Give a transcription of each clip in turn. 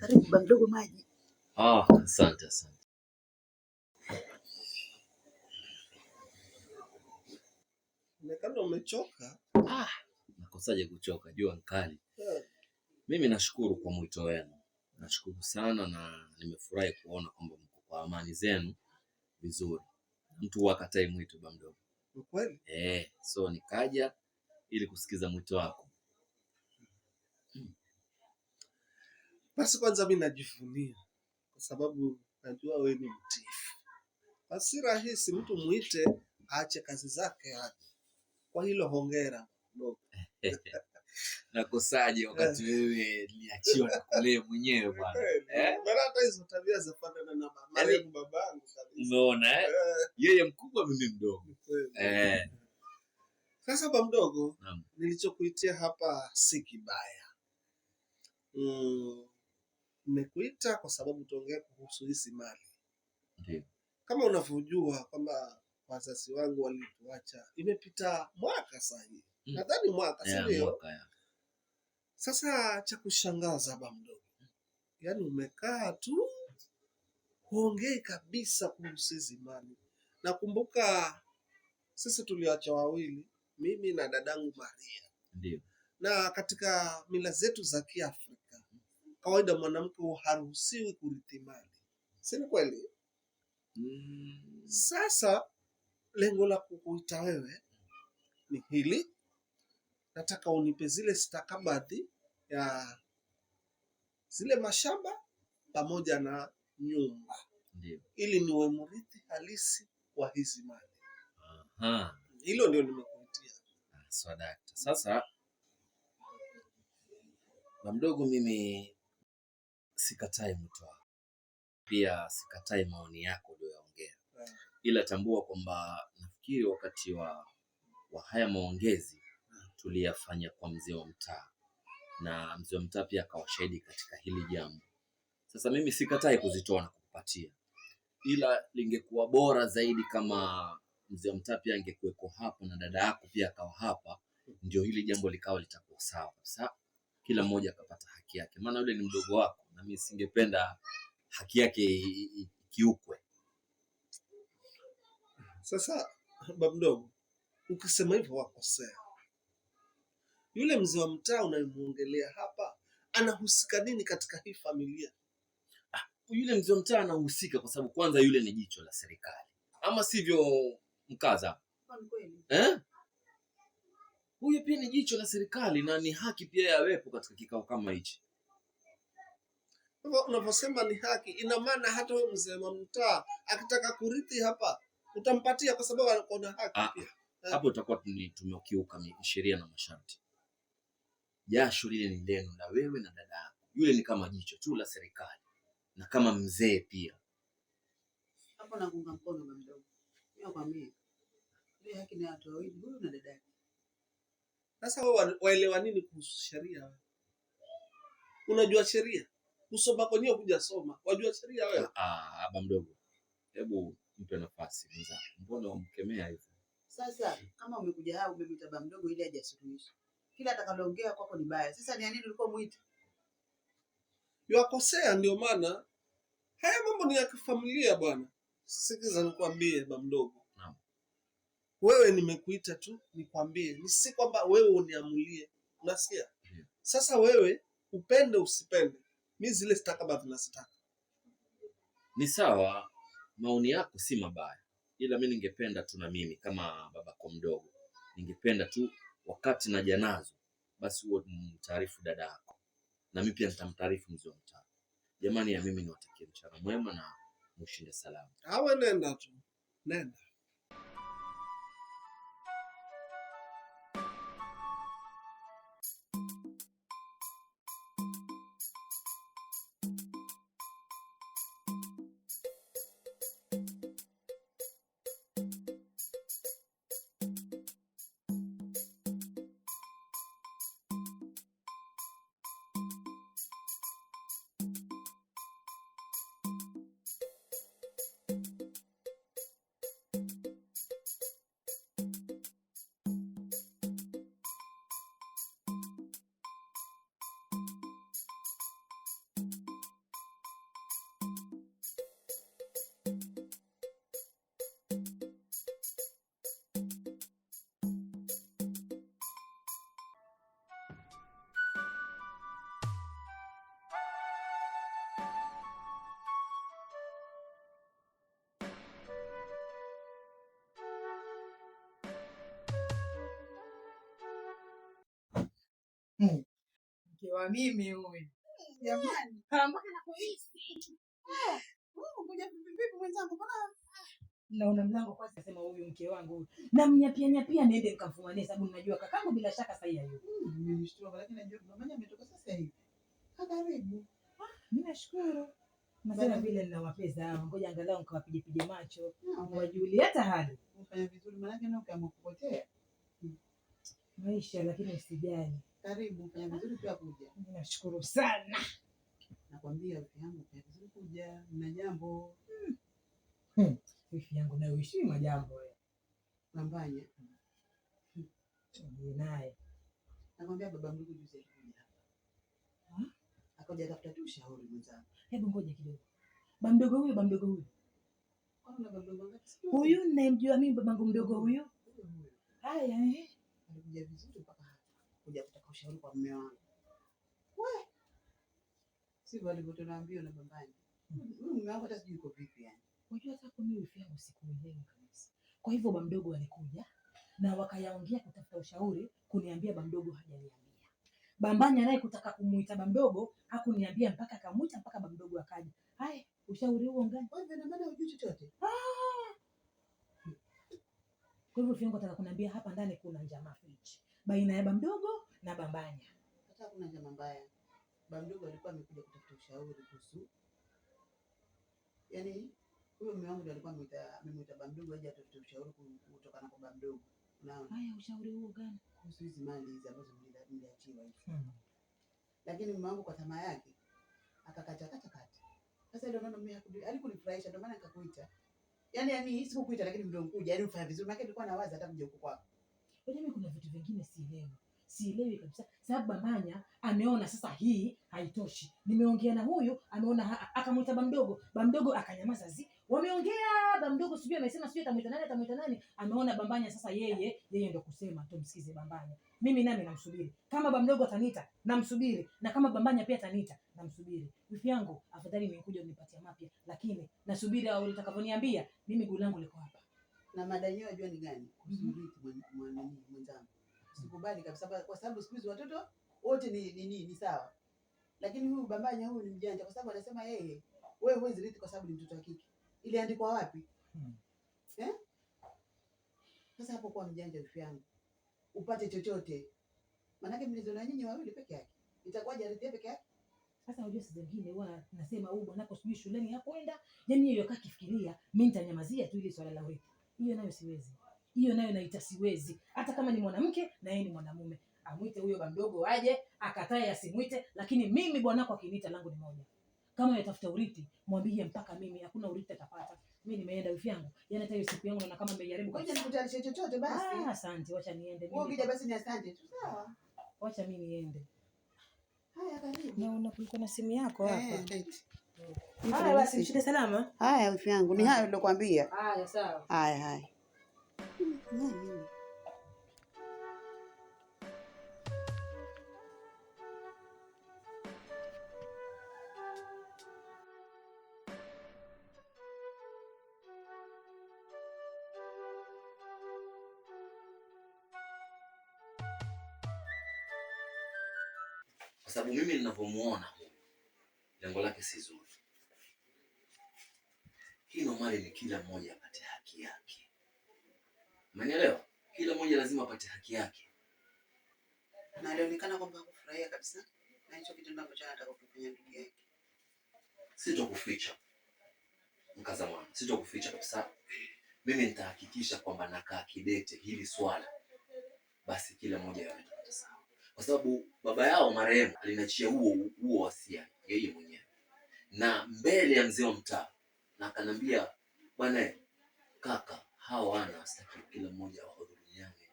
Karibu baba mdogo, maji. Ah, asante asante. Kama umechoka. Ah, nakosaje kuchoka, jua nkali. Yeah. Mimi nashukuru kwa mwito wenu, nashukuru sana na nimefurahi kuona kwamba mko kwa amani zenu vizuri. Mtu wakatai mwito baba mdogo. Kweli? Eh, so nikaja ili kusikiza mwito wako. Basi kwanza mi najivunia kwa sababu najua wewe ni mtifu. Basi rahisi mtu muite aache kazi zake aje. Kwa hilo hongera no. Nakosaje wakati eh. wewe niliachiwa na kule mwenyewe bwana. Bwana eh? hata hizo tabia zafanana na mama yaani yangu babangu kabisa. Unaona eh? eh. Yeye mkubwa mimi mdogo. Eh. Sasa baba mdogo, nilichokuitia hapa si kibaya. Mm, Nimekuita kwa sababu tuongea kuhusu hizi mali. Ndiyo. Kama unavyojua kwamba wazazi wangu walituacha, imepita mwaka sahihi, mm. nadhani mwaka, yeah, sio? Sasa cha kushangaza baba mdogo, yaani umekaa tu huongei kabisa kuhusu hizi mali. Nakumbuka sisi tuliacha wawili, mimi na dadangu Maria. Ndiyo. Na katika mila zetu za Kiafrika kawaida mwanamke haruhusiwi kurithi mali, si ni kweli? Mm. Sasa lengo la kukuita wewe ni hili, nataka unipe zile stakabadhi ya zile mashamba pamoja na nyumba Ndiyo. ili niwe mrithi halisi wa hizi mali. Aha. Hilo ndio nimekuitia. Ah, Sawa so Sasa mdogo mimi sikatai mtu wako, pia sikatai maoni yako uliyoyaongea, ila tambua kwamba nafikiri wakati wa, wa haya maongezi tuliyafanya kwa mzee wa mtaa na mzee wa mtaa pia akawa shahidi katika hili jambo. Sasa mimi sikatai kuzitoa na kukupatia, ila lingekuwa bora zaidi kama mzee wa mtaa pia angekuweko hapo na dada yako pia akawa hapa, ndio hili jambo likawa litakuwa sawa kabisa, kila mmoja akapata haki yake, maana yule ni mdogo wako na mimi singependa haki yake ikiukwe. Sasa babu mdogo, ukisema hivyo wakosea. Yule mzee wa mtaa unayemwongelea hapa anahusika nini katika hii familia? Ah, yule mzee wa mtaa anahusika kwa sababu kwanza yule ni jicho la serikali, ama sivyo mkaza eh? Huyo pia ni jicho la serikali na ni haki pia yawepo katika kikao kama hichi. Unaposema ni haki, ina maana hata wewe mzee wa mtaa akitaka kurithi hapa utampatia, kwa sababu anakuona haki. Ah, pia eh. Hapo utakuwa tumekiuka sheria na masharti. Jasho lile ni lenu na wewe na dada yako yule, ni kama jicho tu la serikali na kama mzee pia. Hapo naunga mkono na mdogo sasa, wewe waelewa nini kuhusu sheria? Unajua sheria kusoma kwa kwenyewe hujasoma, wajua sheria wewe. Ah, baba mdogo, hebu mpe nafasi mzaa, mbona umkemea hivyo? Sasa kama umekuja hapa umemwita baba mdogo ili aje asuluhishe. kila atakaloongea kwako ni baya. Sasa ni nini ulikuwa muita? Yuakosea, ndio maana haya mambo ni ya kifamilia bwana. Sikiza nikwambie, baba mdogo naam. Wewe nimekuita tu nikwambie, ni si kwamba wewe uniamulie, unasikia? Sasa wewe upende usipende mi zile stakabadhi nazitaka. Ni sawa, maoni yako si mabaya, ila mi ningependa tu na mimi kama babako mdogo, ningependa tu wakati na janazo basi huo mtaarifu dada yako, na mimi pia nitamtaarifu mzee wa mtaa. Jamani, ya mimi niwatakie mchana mwema na mshinde salama. Awe, nenda tu, nenda. mke wa mimi huyu. Oh, oh, Naona mlango kwa sema huyu mke wangu huyu. Na mnyapia nyapia niende nikamfumanie sababu ninajua kakangu bila shaka sasa hiyo. Hmm, ah, mimi nashukuru. Mazana vile nina mapesa hao. Ngoja angalau nikawapige pige macho. Ah, Niwajulie hata hali. Hmm. Maisha lakini usijali. Karibu, fanya vizuri pia kuja. Nashukuru sana. Nakwambia wifi yangu fanya vizuri kuja, na jambo. Hmm. Hmm. Wifi yangu nayo ishi majambo wewe. Pambanya. Ni naye. Nakwambia baba mdogo juzi alikuja hapa. Hmm? Akaja tafuta tu ushauri mwenzangu. Hebu ngoja kidogo. Baba mdogo huyo, baba mdogo huyo. Kuna baba mdogo ngapi? Huyu ninayemjua mimi babangu mdogo huyo. Haya eh. Alikuja vizuri mpaka kuja kutaka ushauri kwa mume wangu. We sivyo alivyotunaambia na babani huyu mume wangu, hata sijui uko vipi yani. Unajua hata kwa mimi pia sikuelewi kabisa. Kwa hivyo ba mdogo alikuja na wakayaongea kutafuta ushauri, kuniambia ba mdogo hajaniambia. Bambani anaye kutaka kumuita ba mdogo hakuniambia, mpaka akamuita mpaka ba mdogo akaja. Hai, ushauri huo ngani? hivyo na maana hujui chochote. Ah! Kwa hivyo fiangu, nataka kuniambia hapa ndani kuna njama fichi baina ya bamdogo na bambanya. Hata kuna njama mbaya. Bamdogo alikuwa amekuja kutafuta ushauri kuhusu, yaani huyo mume wangu alikuwa amemwita bamdogo aje atafute ushauri kutokana kwa bamdogo. Unaona? Haya, ushauri huo gani? Kuhusu hizi mali hizi ambazo mliachiwa hizi. Hmm. Lakini mume wangu kwa tamaa yake akakata kata kata. Sasa ndio maana mume alikunifurahisha, ndio maana nikakuita. Yaani yaani sikukuita, lakini ndio nikuja, yaani ufanye vizuri. Maana nilikuwa nawaza hata mje huko kwako. Mimi kuna vitu vingine sielewi, sielewi kabisa, sababu babanya ameona sasa hii haitoshi. Nimeongea na huyu ameona, akamwita bamdogo, bamdogo akanyamaza zi wameongea bamdogo, sijui amesema, sijui atamwita nani, atamwita nani. Ameona bambanya sasa, yeye yeye ndo kusema, tumsikize bambanya. Mimi nami namsubiri, kama bamdogo ataniita namsubiri, na kama bambanya pia ataniita namsubiri. Wifi yangu, afadhali nimekuja unipatia mapya, lakini nasubiri au utakavyoniambia. Mimi langu liko hapa na mada yenyewe unajua ni gani? Kusaliti mhm. mwenzangu, sikubali kabisa, kwa sababu siku hizi watoto wote ni nini, ni ni sawa, lakini huyu bambanya huyu ni mjanja, kwa sababu anasema yeye, wewe huwezi rithi kwa sababu ni mtoto wa kike. Iliandikwa wapi? Hmm. Eh, sasa hapo kwa mjanja yangu upate chochote, maanake na nyinyi wawili peke yake, itakuwaje rithi peke yake? Sasa unajua sasa zingine huwa nasema huyu bwanako sijui shuleni hakwenda, yani yeye yokaa kifikiria, mimi nitanyamazia tu ile swala la urithi hiyo nayo siwezi, hiyo nayo naita siwezi. Hata kama ni mwanamke na yeye ni mwanamume, amwite huyo bamdogo aje, akatae asimwite. Lakini mimi bwanako akiniita, langu ni moja. Kama yatafuta urithi, mwambie mpaka mimi, hakuna urithi atapata. Mimi nimeenda wifi yangu, yani hata hiyo siku yangu na kama nimejaribu kwa nini nikutanishe chochote basi. Ah, asante, wacha niende mimi. Wewe basi ni asante tu, sawa? Wacha mimi niende. Haya, karibu. Naona kulikuwa na simu yako eh, hapa. Haya basi, mshinde salama. Haya wifi yangu, ni hayo nilokuambia. Haya sawa. Haya haya. Kwa sababu mimi ninavyomuona lengo lake si zuri mali ni kila mmoja apate haki yake. Umeelewa? Kila mmoja lazima apate haki yake. Na alionekana kwamba hakufurahia kabisa na hicho kitendo ambacho anataka kufanya ndugu yake. Sitokuficha mkaza mwana, sitokuficha kabisa. Mimi nitahakikisha kwamba nakaa kidete hili swala, basi kila mmoja awe sawa, kwa sababu baba yao marehemu alinachia huo huo wasia yeye mwenyewe na mbele ya mzee wa mtaa na akanambia, bwana kaka, hawa wana sitaki kila mmoja wahudhuriane,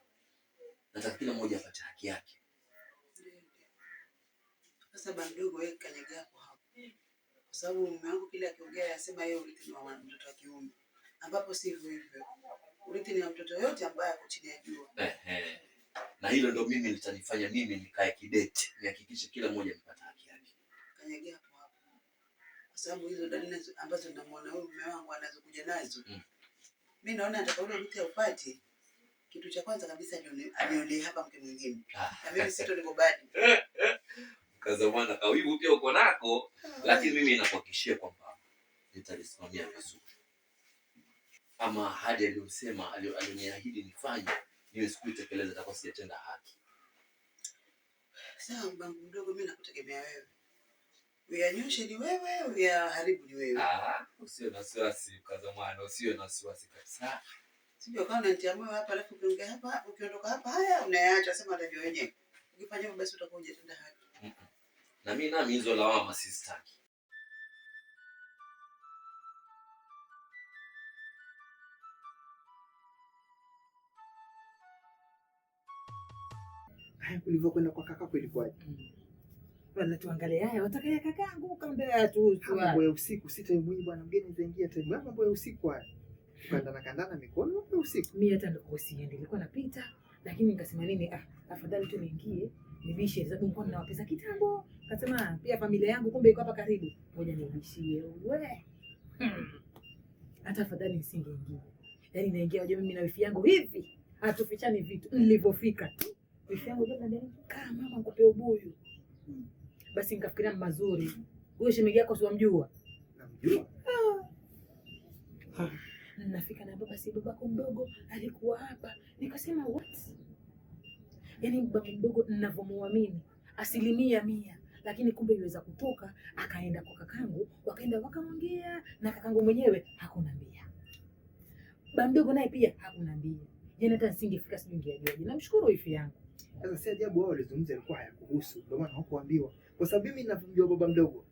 nataka kila mmoja apate haki yake. Sasa baba mdogo wewe kanyaga hapo hapo, kwa sababu mume wangu kile akiongea yasema yeye urithi ni wa mtoto wa kiume, ambapo si hivyo, hivyo, urithi ni wa mtoto yote ambaye ako chini ya jua Ehe, na hilo ndo mimi litanifanya mimi nikae kidete nihakikishe kila mmoja amepata haki yake. Kanyaga kwa sababu hizo dalili ambazo namuona huyu mume wangu anazokuja nazo mm. Mi naona ule mke upati kitu cha kwanza kabisa aniolee hapa mke mwingine, ah. na mimi sito niko badi kaza mwana kawivu pia uko nako, ah. lakini mimi nakuhakikishia kwamba nitalisimamia vizuri. Ama ahadi aliyosema aliyoniahidi nifanye niwe sikuitekeleza, takuwa sijatenda haki. Sawa mbangu mdogo, mimi nakutegemea wewe Uyanyoshe ni wewe, uyaharibu ni wewe. Ah, usio na wasiwasi kaza mwana, usio na wasiwasi kabisa. Sio kama unanitia moyo hapa alafu ukiongea hapa, ukiondoka hapa haya unayaacha sema atajua wenyewe. Ukifanya hivyo basi utakuwa hujatenda haki. Mm -mm. Na mimi nami hizo lawama sistaki. Haya, ulivyokwenda kwa kaka kulikwaje? Mm. Anatuangalia haya watakaye kakangu kambea tu tu. Mambo ya usiku sita mwenyewe bwana mgeni zaingia taibu. Mambo ya usiku haya. Kandana kandana mikono mambo ya usiku. Mimi hata ndio siendi. Nilikuwa napita lakini nikasema nini ah afadhali tu niingie nibishe za mkono na wapesa kitambo. Kasema ah, pia familia yangu kumbe iko hapa karibu. Ngoja nibishie wewe. Hmm. Hata afadhali nisingeingia. yani naingia hoja mimi na wifi yangu hivi. Hatufichani vitu nilipofika tu. Wifi yangu ndio kama mama nikupe ubuyu. Hmm basi nikafikiria mazuri. Huyo shemeji yako siwamjua? Namjua. Ah. Nafika na baba, si babako mdogo alikuwa hapa, nikasema what? Yaani baba mdogo ninavyomuamini asilimia mia, lakini kumbe iweza kutoka akaenda kwa kakangu, wakaenda wakamwambia, na kakangu mwenyewe hakunambia, baba mdogo naye pia hakunambia. Jana yaani hata nisingefika, sijui ningeajuaje. Namshukuru wifi yangu. Sasa si ajabu wao walizungumza, ilikuwa hayakuhusu, ndio maana hakuambiwa kwa sababu mimi ninavyomjua baba mdogo,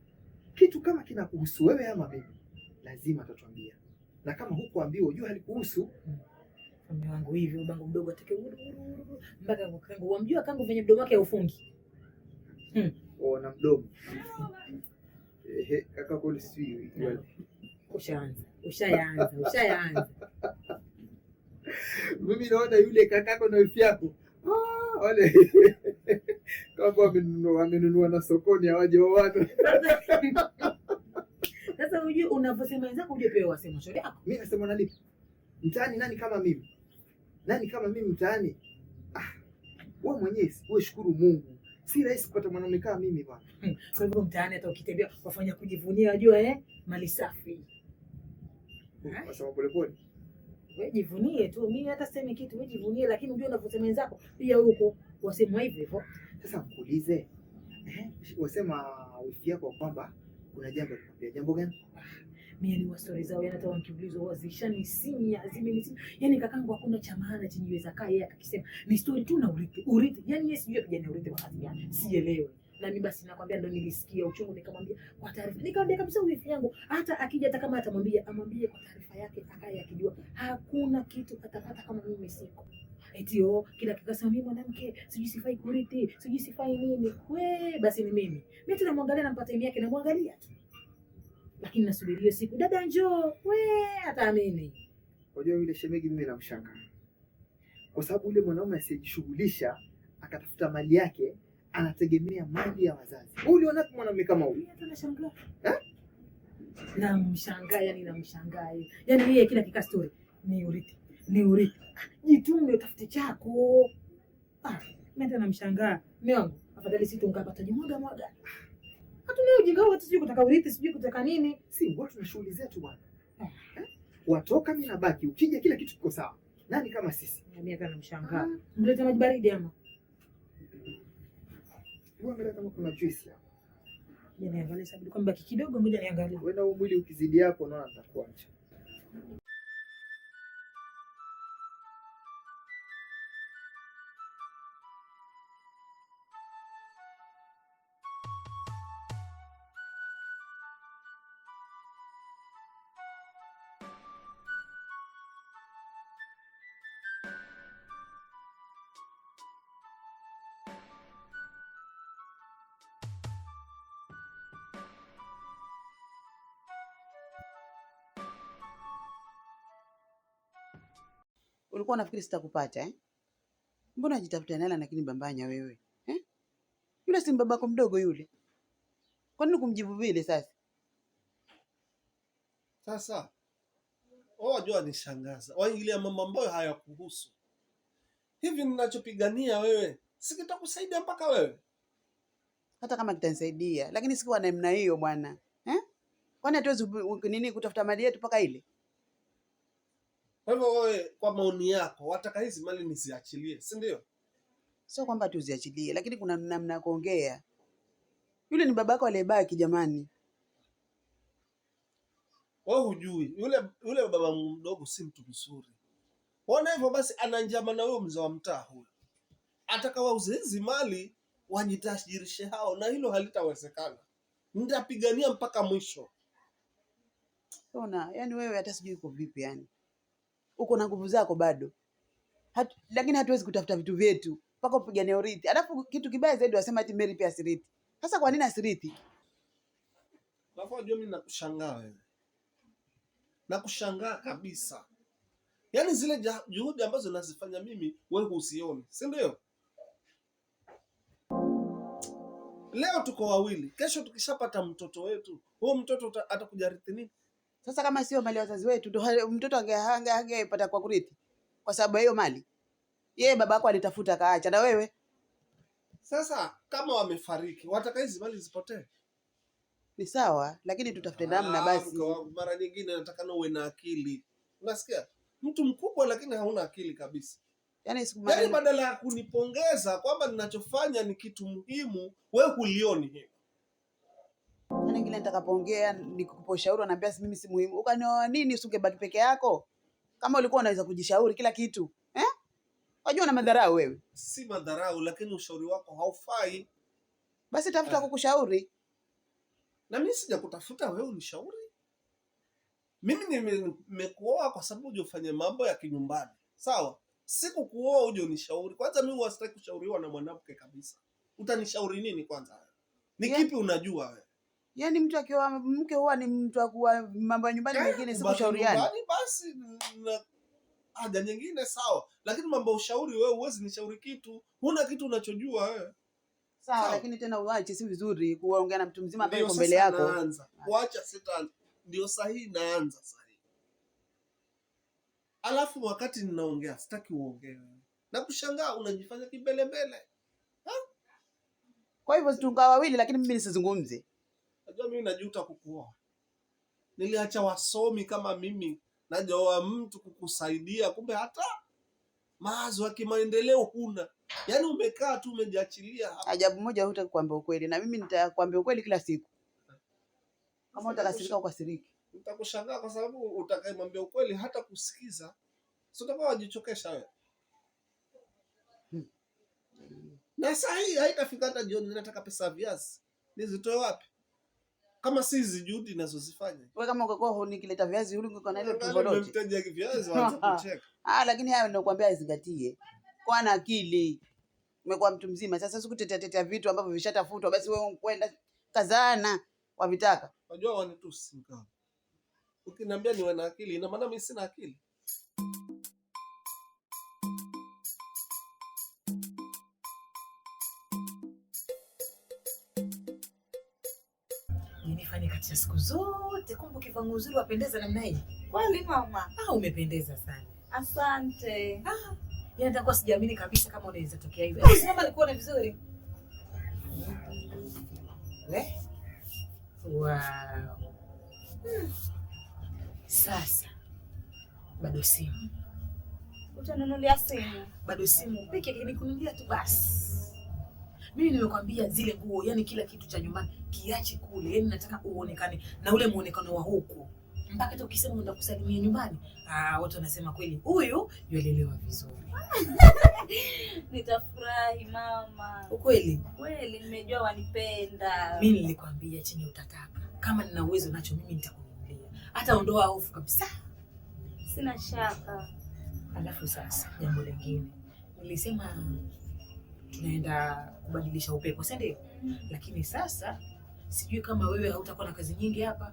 kitu kama kinakuhusu wewe ama mimi, lazima atatuambia, na kama hukuambiwa, ujue halikuhusu. Mume wangu hivyo, babangu mdogo atake mpaka kwa kangu, wamjua kangu venye mdomo wake haufungi hmm. Oh, na mdomo ehe, kaka kweli, sijui ushaanza, ushaanza, ushaanza mimi naona yule kakako na wifi yako wale ah, kwamba wamenunua wamenunua na sokoni hawaje wawana. Sasa unajua unavyosema wenzako unajua pia wasema shauri yako. Mimi nasema nani? Mtaani nani kama mimi? Nani kama mimi mtaani? Ah, wewe mwenyewe wewe shukuru Mungu. Si rahisi kupata mwanamume kama mimi bwana. Hmm. Kwa hivyo mtaani hata ukitembea wafanya kujivunia wajua eh mali safi. Wasema eh? pole pole. Wewe jivunie tu. Mimi hata sisemi kitu, wewe jivunie lakini unajua unavyosema wenzako pia huko wasemwa hivyo hivyo. Sasa mkuulize eh, wasema wifi yako kwamba kuna jambo likwambia. Jambo gani? Mimi ni wastori zao, yani hata wankiulizo waziishanisinya zimenisinya, yani kakangu hakuna cha maana chenjiweza kaa yeye akisema ni story tu na urithi urithi, yani yeye sijui apigania urithi wa kazi gani, sielewi Na mimi basi nakwambia, ndo nilisikia uchungu, nikamwambia kwa taarifa, nikamwambia kabisa wifi yangu hata akija, hata kama atamwambia amwambie kwa taarifa yake, akaye akijua hakuna kitu atapata kama mimi siko eti oh, kila kikasema mimi mwanamke sijui sifai kurithi sijui sifai nini, we basi ni mimi mimi tu namwangalia, nampata imi yake namwangalia tu, lakini nasubiri hiyo siku dada njoo, we hataamini. Unajua yule shemegi mimi namshangaa kwa sababu yule mwanaume asiyejishughulisha akatafuta mali yake anategemea mali ya wazazi. Wewe uliona tu mwanaume kama huyu? Hata nashangaa eh, namshangaa yani, namshangaa yani yeye kila kika story ni urithi ni uriki. Jitume utafute chako. Ah, mimi namshangaa mshangaa. Mimi afadhali si tunga pata jimwaga mwaga. Hatuna ujinga wote, sijui kutaka urithi, sijui kutaka nini. Si watu na shughuli zetu bwana. Ah. Eh? Watoka mimi nabaki, ukija kila kitu kiko sawa. Nani kama sisi? Mimi hata namshangaa. Ah. Mlete maji baridi ama? Wewe Angalia kama kuna juice hapa. Niangalie sababu kwamba kidogo, ngoja niangalie. Wewe na mwili ukizidi hapo, naona nitakuacha. Ulikuwa unafikiri sitakupata eh? Mbona unajitafutia nani lakini bambanya wewe eh? Yule si mbabako mdogo yule, kwa nini kumjibu vile sasa? Sasa wajua oh, nishangaza waingilia mambo ambayo hayakuhusu. Hivi ninachopigania wewe sikitakusaidia mpaka wewe? Hata kama kitanisaidia, lakini sikuwa namna hiyo bwana eh? Kwani hatuwezi nini kutafuta mali yetu mpaka ile kwa hivyo wewe, kwa maoni yako, wataka hizi mali nisiachilie, si ndio? Sio kwamba tuziachilie, lakini kuna namna ya kuongea. Yule ni babako aliyebaki, jamani. Wewe hujui yule yule baba mdogo si mtu mzuri. Ona hivyo basi, ana njama na huyo mzee wa mtaa huyo, ataka hizi mali wajitajirishe hao, na hilo halitawezekana. Nitapigania mpaka mwisho. Ona, yani wewe hata sijui uko vipi yani uko na nguvu zako bado Hatu, lakini hatuwezi kutafuta vitu vyetu mpaka upigane urithi. Alafu kitu kibaya zaidi wasema ati Mary pia asirithi. Sasa kwa nini asirithi? Alafu unajua mimi nakushangaa wewe. Nakushangaa kabisa. Yaani zile juhudi ambazo nazifanya mimi wewe husioni, si ndio? Leo tuko wawili, kesho tukishapata mtoto wetu, huo mtoto atakuja rithi nini? Sasa kama sio mali ya wazazi wetu, mtoto angepata kwa kurithi kwa sababu ya hiyo mali. Yeye baba yako alitafuta kaacha na wewe. Sasa kama wamefariki, wataka hizi mali zipotee? Ni sawa, lakini tutafute namna ah, basi. Mara nyingine na uwe na akili. Unasikia? Mtu mkubwa lakini hauna akili kabisa. Yaani, yaani badala ya kunipongeza kwamba ninachofanya ni kitu muhimu, wewe hulioni hivi. Hakuna ingine nitakapoongea nikupa ushauri, anaambia si mimi si muhimu. Ukanioa nini? Usingebaki peke yako kama ulikuwa unaweza kujishauri kila kitu eh? Wajua na madharau wewe. Si madharau, lakini ushauri wako haufai. Basi tafuta eh. kukushauri. Na mimi sijakutafuta wewe unishauri. Mimi nimekuoa kwa sababu uje ufanye mambo ya kinyumbani, sawa? Sikukuoa uje unishauri. Kwanza mimi huwa sitaki kushauriwa na mwanamke kabisa. Utanishauri nini kwanza? Ni yeah, kipi unajua wewe? Yaani mtu akiwa mke huwa ni mtu akuwa mambo ya nyumbani eh, mengine si kushauriana. Basi haja nyingine sawa, lakini mambo ya ushauri wewe huwezi nishauri kitu, huna kitu unachojua wewe. Sawa, lakini tena uache, si vizuri kuongea na mtu mzima ambaye yuko mbele yako. Ah. Kuacha sitaanza. Ndio sahihi, naanza sahihi. Alafu wakati ninaongea sitaki uongee. Na kushangaa unajifanya kibelebele. Kwa hivyo tunga wawili, lakini mimi nisizungumze unajua mimi najuta kukuoa, niliacha wasomi kama mimi najaoa mtu kukusaidia, kumbe hata mawazo ya kimaendeleo huna. Yaani umekaa tu umejiachilia hapa. Ajabu moja, hutaki kuambia ukweli, na mimi nitakwambia ukweli kila siku. Kama utakasirika, kwa siriki. Nitakushangaa kwa sababu utakayemwambia ukweli hata kusikiza, Sio utakuwa wajichokesha wewe. Hmm. Na saa hii haitafika hata jioni, nataka pesa ya viazi nizitoe wapi? kama si hizi juhudi ninazozifanya. Wewe kama ungekuwa nikileta viazi huli ungekuwa na ile tofauti. Mtaji ya viazi waanza kucheka. Ah, lakini haya ndio kwambia izingatie. Kwa na akili. Umekuwa mtu mzima sasa, siku tetea tetea vitu ambavyo vishatafutwa, basi wewe kwenda kazana wavitaka. Unajua wanitusi mkao. Ukiniambia niwe na akili, ina maana mimi sina akili. kati ya siku zote. Kumbe ukivaa nguo nzuri wapendeza namna hii. Kweli mama? Ah, umependeza sana. Asante. Ah, yaani nitakuwa sijaamini kabisa kama unaweza tokea hivyo. Ah, Sasa mama nikuone vizuri. Le? Eh? Wow. Hmm. Sasa bado simu. Utanunulia simu? Bado simu. Peke yake tu basi. Mimi nimekwambia zile nguo, yani kila kitu cha nyumbani kiache kule, yani nataka uonekane na ule muonekano wa huku, mpaka hata ukisema unataka kusalimia nyumbani, ah, watu wanasema kweli huyu yuelelewa vizuri. Nitafurahi mama. Ukweli kweli, nimejua wanipenda. Mimi nilikwambia chenye utataka, kama nina uwezo nacho mimi nitakununulia, hata ondoa hofu kabisa. Sina shaka. Alafu sasa jambo lingine nilisema tunaenda kubadilisha upepo, si ndio? Mm. Lakini sasa sijui kama wewe hautakuwa na kazi nyingi hapa.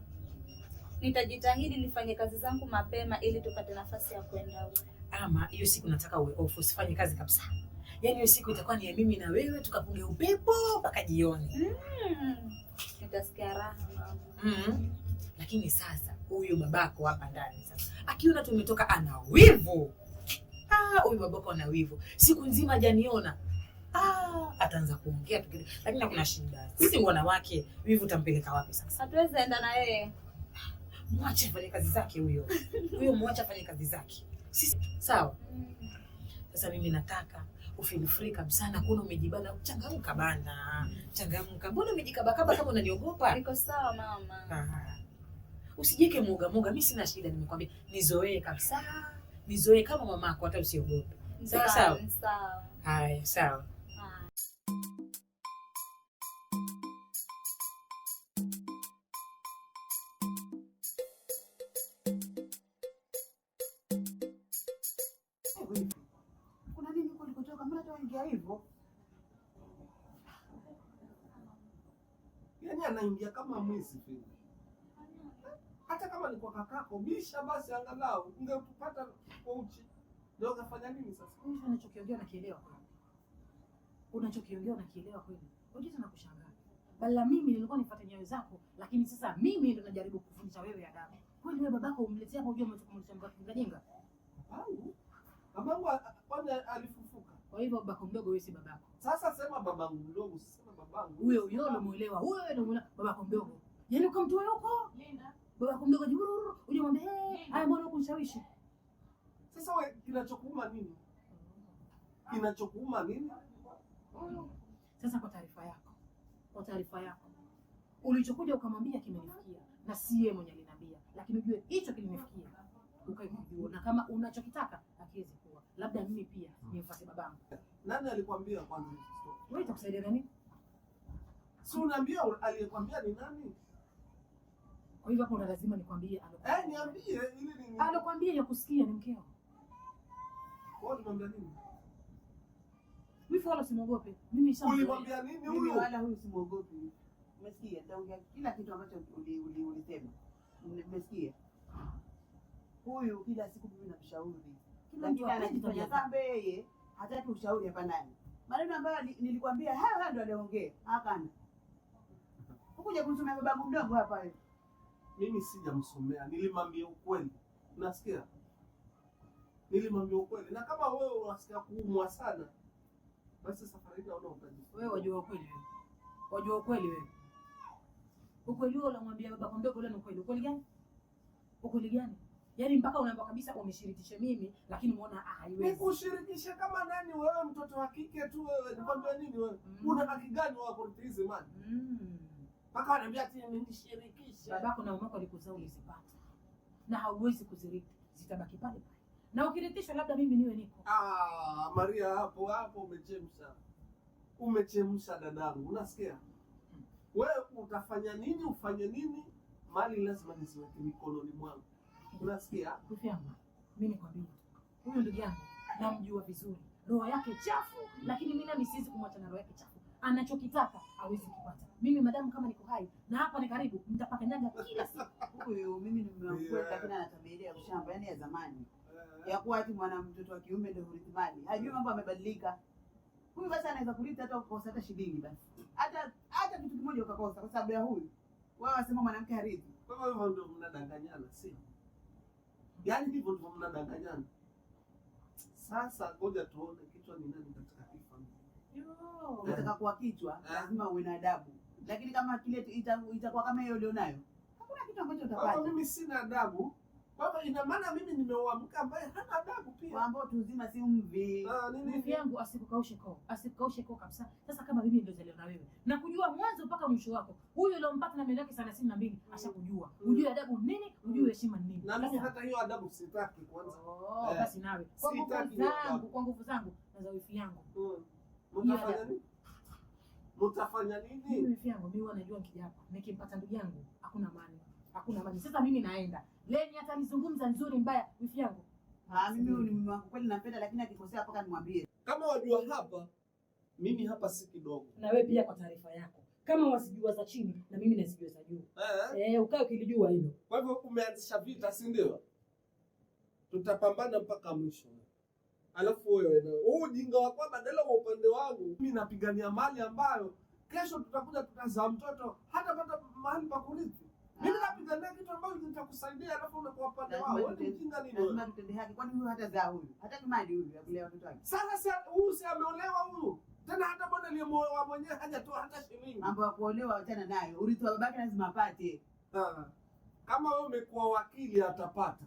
Nitajitahidi nifanye kazi zangu mapema ili tupate nafasi ya kwenda huko. Ama hiyo siku nataka uwe off, usifanye kazi kabisa. Yaani hiyo siku itakuwa ni ya mimi na wewe tukapunge upepo mpaka jioni. Mm. Nitasikia raha mama. Mm. Lakini sasa huyo babako hapa ndani sasa akiona tumetoka ana wivu. Ah, huyu babako ana wivu. Siku nzima hajaniona ah, ataanza kuongea tu lakini hakuna shida. Sisi wanawake wivu tampeleka wapi sasa? Hatuwezi enda na yeye. Mwache afanye kazi zake huyo huyo, mwache afanye kazi zake. Sisi sawa. Sasa mimi nataka ufeel free kabisa na kuna umejibana, changamka bana, changamka. Mbona umejikabakaba kama unaniogopa? Niko sawa mama. Ah, Usijike muoga muoga, mimi sina shida, nimekwambia nizoee kabisa, nizoee kama mamako, hata usiogope. Sawa sawa. Haya, sawa. anaongea hivyo yani, anaingia kama mwizi vile. Hata kama ni kwa kakako bisha, basi angalau ungepata kwa uchi. Ndio kafanya nini sasa? Mtu anachokiongea nakielewa kweli, unachokiongea unakielewa kweli, unjiza na kushangaa. Bala mimi nilikuwa nifuate nyayo zako, lakini sasa mimi ndo najaribu kufundisha wewe adabu. Kweli wewe babako umletea hapa, unajua mchukumulisha mkakikajenga au babangu kwa hivyo babako mdogo wewe si babako. Sasa sema babangu mdogo, sema babangu. Huyo huyo unamuelewa. Huyo unamuelewa babako mdogo. Yaani kwa ukamtoa huko? Linda. Babako mdogo jiburu, unamwambia eh, "Hey, haya mbona ukumshawishi? Sasa wewe kinachokuuma nini? Kinachokuuma nini? Sasa kwa taarifa yako. Kwa taarifa yako. Ulichokuja ukamwambia kimenifikia na si yeye mwenye aliniambia, lakini ujue hicho kilinifikia. Ukaijua na kama unachokitaka alikwambia kwanza hizo story. Wewe itakusaidia nani? Si unaambia aliyekwambia ni nani? Kwa hivyo hapo una lazima nikwambie alokuambia. Eh, niambie ili ni alokuambia ya kusikia ni mkeo. Wewe unamwambia nini? Mimi wala simuogope. Mimi sasa. Ulimwambia nini huyu? Wala huyu simuogope. Umesikia? Taongea kila kitu ambacho ulisema. Umesikia? Huyu kila siku mimi namshauri. Kila kitu anakifanya yeye hataki ushauri hapa ndani. Maneno ambayo nilikwambia haya haya ndio aliongea. Hapana. Ukuja kumsomea babangu mdogo hapa wewe. Mimi sijamsomea, nilimwambia ukweli. Unasikia? Nilimwambia ukweli. Na kama wewe unasikia kuumwa sana, basi safari hii naona utaji. Wewe wajua ukweli wewe. Wajua ukweli wewe. Ukweli wewe unamwambia babangu mdogo leo ni ukweli. Ukweli gani? Ukweli gani? Yaani mpaka unaambia kabisa umeshirikisha mimi lakini umeona ah, haiwezi. Nikushirikishe kama nani wewe mtoto wa kike tu wewe mm. nikwambia nini wewe? Mm. Una haki gani wa kurithirize mali? Mm. Mpaka ananiambia ati nimeshirikisha. Babako na mamako walikuzaa ulizipata. Na hauwezi kuzirithi, zitabaki pale pale. Na ukirithishwa labda mimi niwe niko. Ah, Maria hapo hapo umechemsha. Umechemsha dadangu, unasikia? Mm. Wewe utafanya nini ufanye nini? Mali lazima niziweke mikononi mwangu. Unasikia? Ndugu yangu, mimi nikwambie, huyu ndugu yangu namjua vizuri, roho yake chafu, lakini mimi nami siwezi kumwacha na roho yake chafu. Anachokitaka hawezi kupata. Mimi madamu kama niko hai na hapa ni karibu, nitapakanyaga kila siku huyu. Mimi nimemkwenda, lakini ana tabia ya ushamba, yani ya zamani ya kuwa ati mwana mtoto wa kiume ndio urithi mali. Hajui mambo yamebadilika huyu. Basi anaweza kulita hata ukakosa hata shilingi, basi hata hata kitu kimoja ukakosa, kwa sababu ya huyu. Wao wasema mwanamke harithi, kwa hivyo ndio mnadanganyana, sio? Yaani hivyo ndivyo mnadanganyana. Sasa ngoja tuone kichwa ni nani katika hii familia. Nataka kuwa kichwa, eh? lazima uwe na adabu. Lakini kama kile itakuwa kama hiyo ulionayo, hakuna kitu ambacho utapata. Mimi sina adabu. Baba, ina maana mimi nimeuamka ambaye hana adabu pia. Ambao tuzima si mvi. Mvi ah, yangu asikukaushe koo. Asikukaushe koo kabisa. Sasa kama mimi ndio zaleo na wewe. Na kujua mwanzo mpaka mwisho wako. Huyo ndio mpaka na milaki 32 hmm. ashakujua. Ujue adabu nini? Ujue hmm. heshima nini? Na mimi hata hiyo adabu sitaki kwanza. Oh, eh, basi nawe. Kwa nguvu zangu, kwa nguvu zangu na za wifi yangu. Mm. Mtafanya nini? Mtafanya nini? Wifi yangu mimi wanajua nikija Nikimpata ndugu yangu hakuna maana hakuna maji. Sasa mimi naenda leni, hata nizungumza nzuri mbaya wifi yangu. Ah, mimi huyu ni mume wangu kweli, nampenda, lakini akikosea mpaka nimwambie. Kama wajua hapa, mimi hapa si kidogo. Na wewe pia, kwa taarifa yako, kama wasijua za chini na mimi nasijua za juu. Eh, eh, ukae ukilijua hilo. Kwa hivyo umeanzisha vita, si ndio? Tutapambana mpaka mwisho. Alafu wewe huu jinga wa kwa badala wa upande wangu, mimi napigania mali ambayo kesho tutakuja tutazaa mtoto hata pata mahali pa kurithi. Mimi napigania kitu ambacho nitakusaidia alafu unakuwa upande wao. Wewe mjinga nini? Lazima tutende haki. Kwani huyu hata zaa huyu? Hata kimadi huyu ya kulea watoto wake. Sasa huyu si ameolewa huyu? Tena hata bwana aliyemuoa mwenyewe hajatoa hata shilingi. Mambo ya kuolewa wachana nayo. Urithi wa babake lazima apate. Ah. Kama wewe umekuwa wakili atapata.